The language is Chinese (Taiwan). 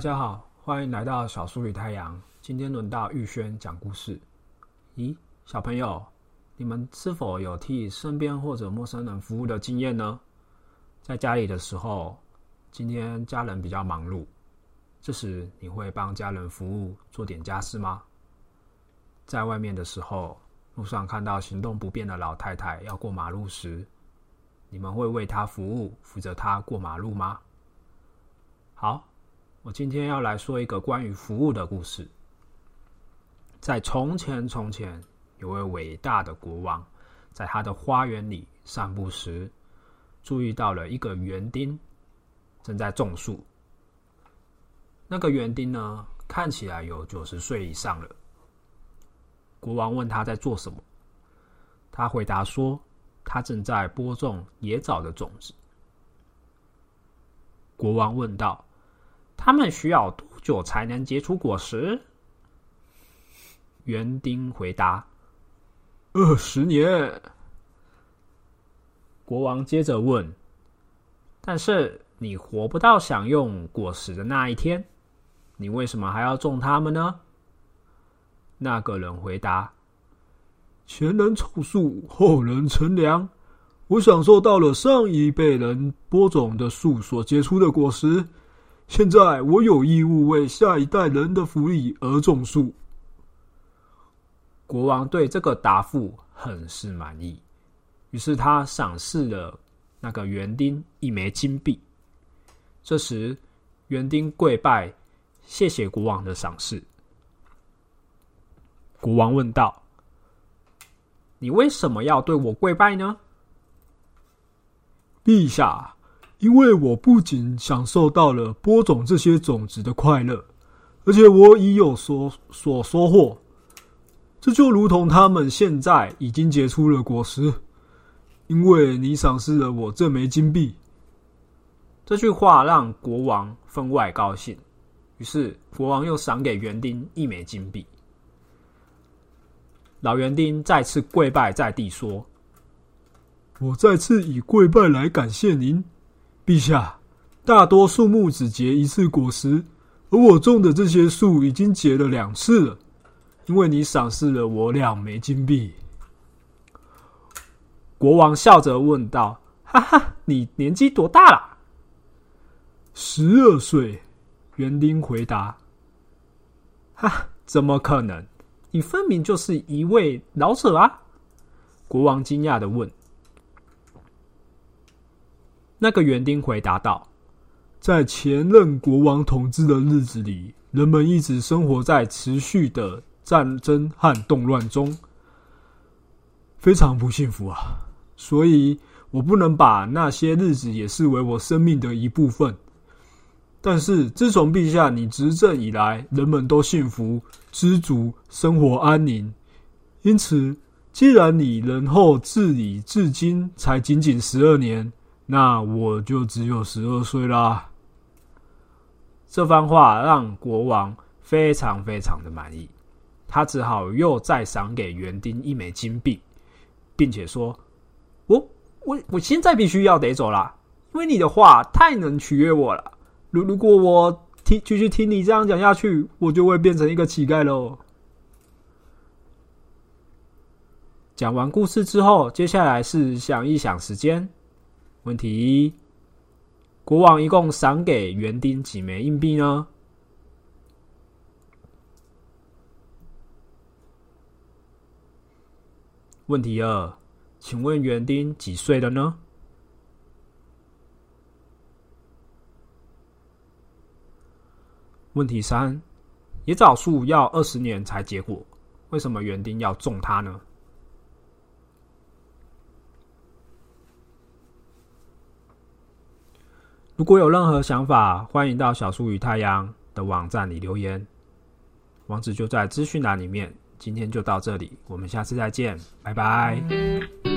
大家好，歡迎來到小樹與太陽。今天輪到玉軒講故事。咦，小朋友，你們是否有替身邊或者陌生人服務的經驗呢？在家裡的時候，今天家人比較忙碌，這時你會幫家人服務做點家事嗎？在外面的時候，路上看到行動不便的老太太要過馬路時，你們會為她服務，扶着她過馬路嗎？好。我今天要來說一個關於服務的故事。在從前，前，從前有位偉大的國王，在他的花園裡散步時，注意到了一個園丁正在種樹。那個園丁呢，看起來有九十歲以上了。國王問他在做什麼，他回答說：“他正在播種椰棗的種子。”國王問道。他們需要多久才能結出果實？園丁回答：“二十年。”國王接着問：“但是你活不到享用果實的那一天，你為什麼還要種它們呢？”那個人回答：“前人種樹，後人乘涼。我享受到了上一輩人播種的樹所結出的果實。”現在我有義務為下一代人的福利而種樹。國王對這個答覆很是滿意，於是他賞賜了那個園丁一枚金幣。這時，園丁跪拜，謝謝國王的賞賜。國王問道：“你為什麼要對我跪拜呢？”陛下。因為我不僅享受到了播種這些種子的快樂，而且我已有所所收穫，這就如同他們現在已經結出了果實。因為你賞賜了我這枚金幣，這句話讓國王分外高興。於是國王又賞給園丁一枚金幣。老園丁再次跪拜在地說：“我再次以跪拜來感謝您。”陛下，大多數樹木只結一次果實，而我種的這些樹已經結了兩次了，因為你賞賜了我兩枚金幣。”國王笑着問道，“哈哈，你年紀多大了？”“十二歲。”園丁回答。“哈，怎麼可能？你分明就是一位老者啊！”國王驚訝地問。那個園丁回答道：“在前任國王統治的日子裡，人們一直生活在持續的戰爭和動亂中，非常不幸福啊！所以我不能把那些日子也視為我生命的一部分。但是，自從陛下你執政以來，人們都幸福、知足、生活安寧。因此，既然你仁厚治理至今才僅僅十二年。”那我就只有十二歲啦。這番話讓國王非常非常的滿意，他只好又再賞給園丁一枚金幣，並且說：“我我我現在必須要得走了，因為你的話太能取悅我了。如如果我聽繼續聽你這樣講下去，我就會變成一個乞丐嘍。”講完故事之後，接下來是想一想時間。問題一：國王一共賞給園丁幾枚硬幣呢？問題二：請問園丁幾歲了呢？問題三：椰棗樹要二十年才結果，為什麼園丁要種它呢？如果有任何想法，歡迎到小樹與太陽的網站裡留言。網址就在資訊欄裡面。今天就到這裡，我們下次再見，拜拜。